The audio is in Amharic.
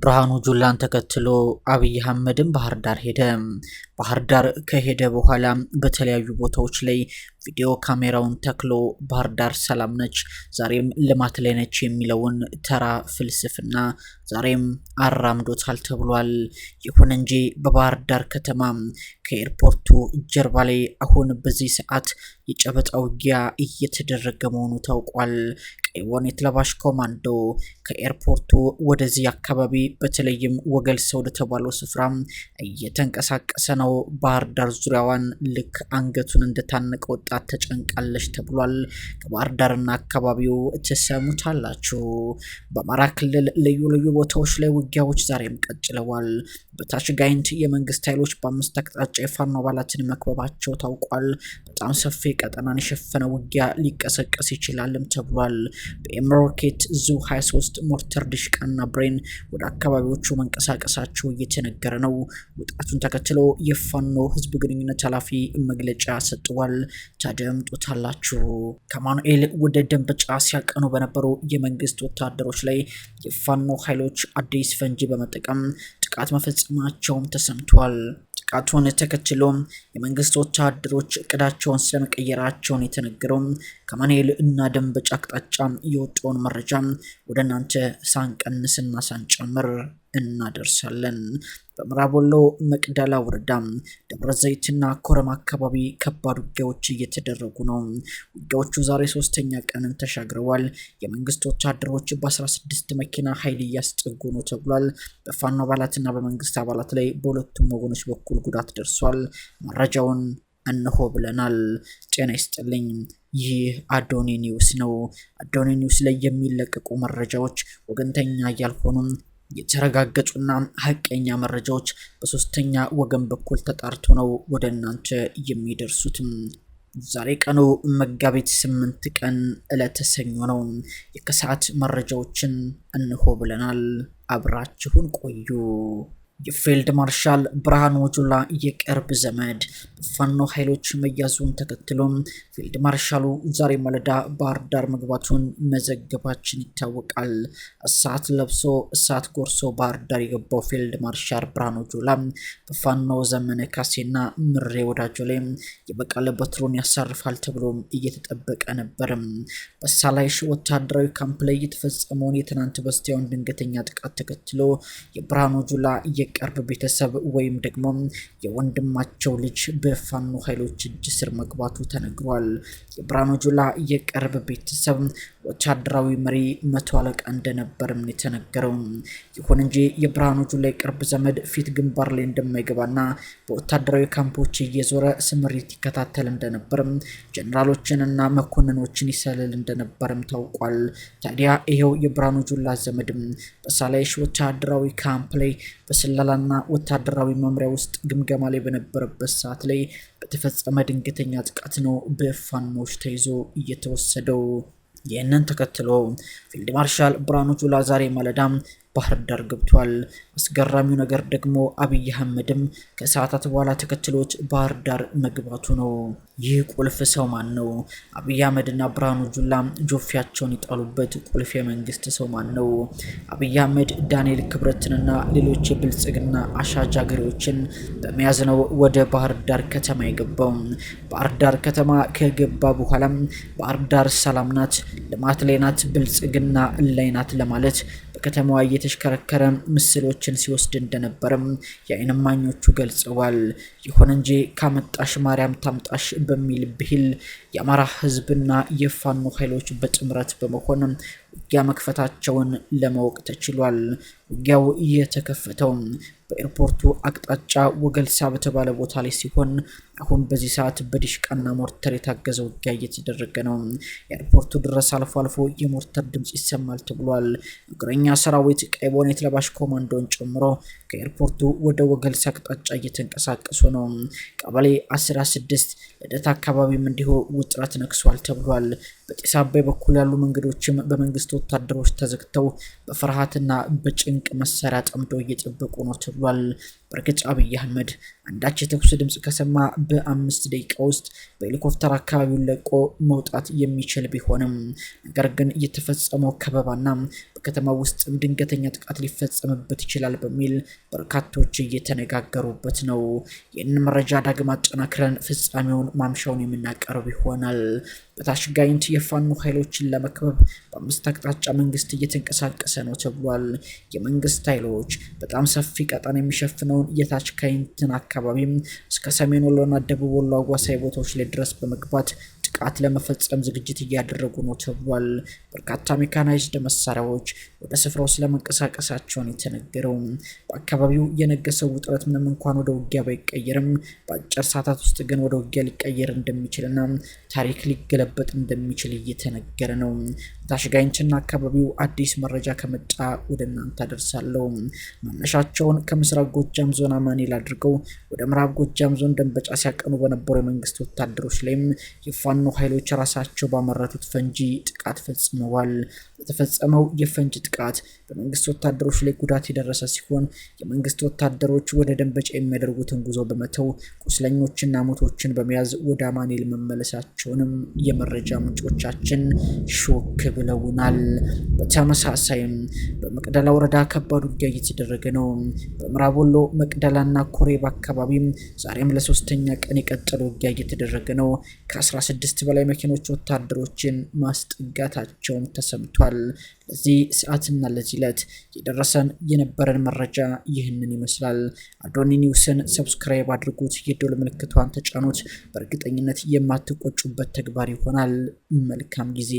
ብርሃኑ ጁላን ተከትሎ አብይ አህመድም ባህር ዳር ሄደ። ባህር ዳር ከሄደ በኋላ በተለያዩ ቦታዎች ላይ ቪዲዮ ካሜራውን ተክሎ ባህር ዳር ሰላም ነች፣ ዛሬም ልማት ላይ ነች የሚለውን ተራ ፍልስፍና ዛሬም አራምዶታል ተብሏል። ይሁን እንጂ በባህር ዳር ከተማ ከኤርፖርቱ ጀርባ ላይ አሁን በዚህ ሰዓት የጨበጣ ውጊያ እየተደረገ መሆኑ ታውቋል። ቀይ ዋኔት ለባሽ ኮማንዶ ከኤርፖርቱ ወደዚህ አካባቢ በተለይም ወገልሰ ወደተባለው ስፍራ እየተንቀሳቀሰ ነው። ነው። ባህር ዳር ዙሪያዋን ልክ አንገቱን እንደታነቀ ወጣት ተጨንቃለች ተብሏል። ከባህር ዳርና አካባቢው ትሰሙታላችሁ። በአማራ ክልል ልዩ ልዩ ቦታዎች ላይ ውጊያዎች ዛሬም ቀጥለዋል። በታሽጋይንት የመንግስት ኃይሎች በአምስት አቅጣጫ የፋኖ አባላትን መክበባቸው ታውቋል። በጣም ሰፊ ቀጠናን የሸፈነ ውጊያ ሊቀሰቀስ ይችላልም ተብሏል። በኤምሮኬት ዙ 23 ሞርተር ድሽቃና ብሬን ወደ አካባቢዎቹ መንቀሳቀሳቸው እየተነገረ ነው። ውጣቱን ተከትሎ የፋኖ ህዝብ ግንኙነት ኃላፊ መግለጫ ሰጥቷል። ታደምጡታላችሁ። ከማኑኤል ወደ ደንበጫ ሲያቀኑ በነበሩ የመንግስት ወታደሮች ላይ የፋኖ ኃይሎች አዲስ ፈንጂ በመጠቀም ጥቃት መፈጸማቸውም ተሰምቷል። ጥቃቱን ተከትሎም የመንግስት ወታደሮች እቅዳቸውን ስለመቀየራቸውን የተነገረው ከማንኤል እና ደንበጫ አቅጣጫ የወጣውን መረጃ ወደ እናንተ ሳንቀንስና ሳንጨምር እናደርሳለን። በምዕራብ ወሎ መቅደላ ወረዳ ደብረ ዘይትና ኮረማ አካባቢ ከባድ ውጊያዎች እየተደረጉ ነው። ውጊያዎቹ ዛሬ ሶስተኛ ቀንን ተሻግረዋል። የመንግስት ወታደሮች በ16 መኪና ኃይል እያስጠጉ ነው ተብሏል። በፋኖ አባላትና በመንግስት አባላት ላይ በሁለቱም ወገኖች በኩል ጉዳት ደርሷል። መረጃውን እንሆ ብለናል። ጤና ይስጥልኝ። ይህ አዶኒ ኒውስ ነው። አዶኒ ኒውስ ላይ የሚለቀቁ መረጃዎች ወገንተኛ ያልሆኑም የተረጋገጡና ሀቀኛ መረጃዎች በሶስተኛ ወገን በኩል ተጣርቶ ነው ወደ እናንተ የሚደርሱትም። ዛሬ ቀኑ መጋቢት ስምንት ቀን ዕለተ ሰኞ ነው። የከሰዓት መረጃዎችን እንሆ ብለናል። አብራችሁን ቆዩ። የፊልድ ማርሻል ብርሃኑ ጁላ የቅርብ ዘመድ ፋኖ ኃይሎች መያዙን ተከትሎም ፊልድ ማርሻሉ ዛሬ ማለዳ ባህር ዳር መግባቱን መዘገባችን ይታወቃል። እሳት ለብሶ እሳት ጎርሶ ባህር ዳር የገባው ፊልድ ማርሻል ብርሃኑ ጁላ በፋኖ ዘመነ ካሴና ምሬ ወዳጆ ላይ የበቀለ በትሮን ያሳርፋል ተብሎም እየተጠበቀ ነበርም። በሳላይሽ ወታደራዊ ካምፕ ላይ የተፈጸመውን የትናንት በስቲያውን ድንገተኛ ጥቃት ተከትሎ የብርሃኑ ጁላ የቅርብ ቤተሰብ ወይም ደግሞ የወንድማቸው ልጅ በፋኖ ኃይሎች እጅ ስር መግባቱ ተነግሯል። የብርሃኑ ጁላ የቅርብ ቤተሰብ ወታደራዊ መሪ መቶ አለቃ እንደነበርም የተነገረው። ይሁን እንጂ የብርሃኑ ጁላ ቅርብ ዘመድ ፊት ግንባር ላይ እንደማይገባና በወታደራዊ ካምፖች እየዞረ ስምሪት ይከታተል እንደነበርም ጀነራሎችንና መኮንኖችን ይሰልል እንደነበርም ታውቋል። ታዲያ ይኸው የብርሃኑ ጁላ ዘመድም በሳላይሽ ወታደራዊ ካምፕ ላይ በስለላና ወታደራዊ መምሪያ ውስጥ ግምገማ ላይ በነበረበት ሰዓት ላይ በተፈጸመ ድንገተኛ ጥቃት ነው በፋኖች ተይዞ እየተወሰደው። ይህንን ተከትሎ ፊልድ ማርሻል ብርሃኑ ጁላ ዛሬ ማለዳም ባህር ዳር ገብቷል። አስገራሚው ነገር ደግሞ አብይ አህመድም ከሰዓታት በኋላ ተከትሎች ባህር ዳር መግባቱ ነው። ይህ ቁልፍ ሰው ማን ነው? አብይ አህመድና ብርሃኑ ጁላ ጆፊያቸውን የጣሉበት ቁልፍ የመንግስት ሰው ማን ነው? አብይ አህመድ ዳንኤል ክብረትንና ሌሎች የብልጽግና አሻጃገሪዎችን በመያዝ ነው ወደ ባህር ዳር ከተማ የገባው። ባህር ዳር ከተማ ከገባ በኋላም ባህር ዳር ሰላም ናት፣ ልማት ላይ ናት፣ ብልጽግና ላይ ናት ለማለት ከተማዋ እየተሽከረከረ ምስሎችን ሲወስድ እንደነበረም የአይን እማኞቹ ገልጸዋል። ይሁን እንጂ ካመጣሽ ማርያም ታምጣሽ በሚል ብሂል የአማራ ህዝብና የፋኖ ኃይሎች በጥምረት በመሆን ውጊያ መክፈታቸውን ለማወቅ ተችሏል። ውጊያው እየተከፈተው በኤርፖርቱ አቅጣጫ ወገልሳ በተባለ ቦታ ላይ ሲሆን አሁን በዚህ ሰዓት በዲሽቃና ሞርተር የታገዘ ውጊያ እየተደረገ ነው። የኤርፖርቱ ድረስ አልፎ አልፎ የሞርተር ድምፅ ይሰማል ተብሏል። እግረኛ ሰራዊት ቀይ ቦኔት ለባሽ ኮማንዶን ጨምሮ ከኤርፖርቱ ወደ ወገልሳ አቅጣጫ እየተንቀሳቀሱ ነው። ቀበሌ 16 ልደት አካባቢም እንዲሁ ውጥረት ነግሷል ተብሏል። በጢስ አባይ በኩል ያሉ መንገዶችም በመንግስት ወታደሮች ተዘግተው በፍርሃትና በጭንቅ መሳሪያ ጠምደው እየጠበቁ ነው ተብሏል። ተብሏል። በእርግጥ አብይ አህመድ አንዳች የተኩስ ድምፅ ከሰማ በአምስት ደቂቃ ውስጥ በሄሊኮፕተር አካባቢውን ለቆ መውጣት የሚችል ቢሆንም ነገር ግን የተፈጸመው ከበባና በከተማ ውስጥም ድንገተኛ ጥቃት ሊፈጸምበት ይችላል በሚል በርካቶች እየተነጋገሩበት ነው። ይህንን መረጃ ዳግም አጠናክረን ፍጻሜውን ማምሻውን የምናቀርብ ይሆናል። ከታች ጋይንት የፋኖ ኃይሎችን ለመክበብ በአምስት አቅጣጫ መንግስት እየተንቀሳቀሰ ነው ተብሏል። የመንግስት ኃይሎች በጣም ሰፊ ቀጠን የሚሸፍነውን የታች አካባቢም እስከ ሰሜን ወሎና ደቡብ ወሎ አዋሳኝ ቦታዎች ላይ ድረስ በመግባት ጥቃት ለመፈጸም ዝግጅት እያደረጉ ነው ተብሏል። በርካታ ሜካናይዝድ መሳሪያዎች ወደ ስፍራው ስለመንቀሳቀሳቸውን የተነገረው በአካባቢው የነገሰው ውጥረት ምንም እንኳን ወደ ውጊያ ባይቀየርም በአጭር ሰዓታት ውስጥ ግን ወደ ውጊያ ሊቀየር እንደሚችልና ታሪክ ሊገለበጥ እንደሚችል እየተነገረ ነው። ታሽጋይንችና አካባቢው አዲስ መረጃ ከመጣ ወደ እናንተ አደርሳለሁ። መነሻቸውን ከምስራቅ ጎጃም ዞን አማኔል አድርገው ወደ ምዕራብ ጎጃም ዞን ደንበጫ ሲያቀኑ በነበሩ የመንግስት ወታደሮች ላይም የፋኖ ኃይሎች ራሳቸው ባመረቱት ፈንጂ ጥቃት ፈጽመዋል። የተፈጸመው የፈንጂ ጥቃት በመንግስት ወታደሮች ላይ ጉዳት የደረሰ ሲሆን የመንግስት ወታደሮች ወደ ደንበጫ የሚያደርጉትን ጉዞ በመተው ቁስለኞችና ሞቶችን በመያዝ ወደ አማኔል መመለሳቸው መሆናቸውንም የመረጃ ምንጮቻችን ሾክ ብለውናል። በተመሳሳይም በመቅደላ ወረዳ ከባድ ውጊያ እየተደረገ ነው። በምዕራብ ወሎ መቅደላና ኮሬብ አካባቢም ዛሬም ለሶስተኛ ቀን የቀጠለ ውጊያ እየተደረገ ነው። ከ16 በላይ መኪኖች ወታደሮችን ማስጠጋታቸውም ተሰምቷል። ለዚህ ሰዓትና ለዚህ ዕለት የደረሰን የነበረን መረጃ ይህንን ይመስላል። አዶኒ ኒውስን ሰብስክራይብ አድርጉት፣ የደወል ምልክቷን ተጫኑት። በእርግጠኝነት የማትቆጩበት ተግባር ይሆናል። መልካም ጊዜ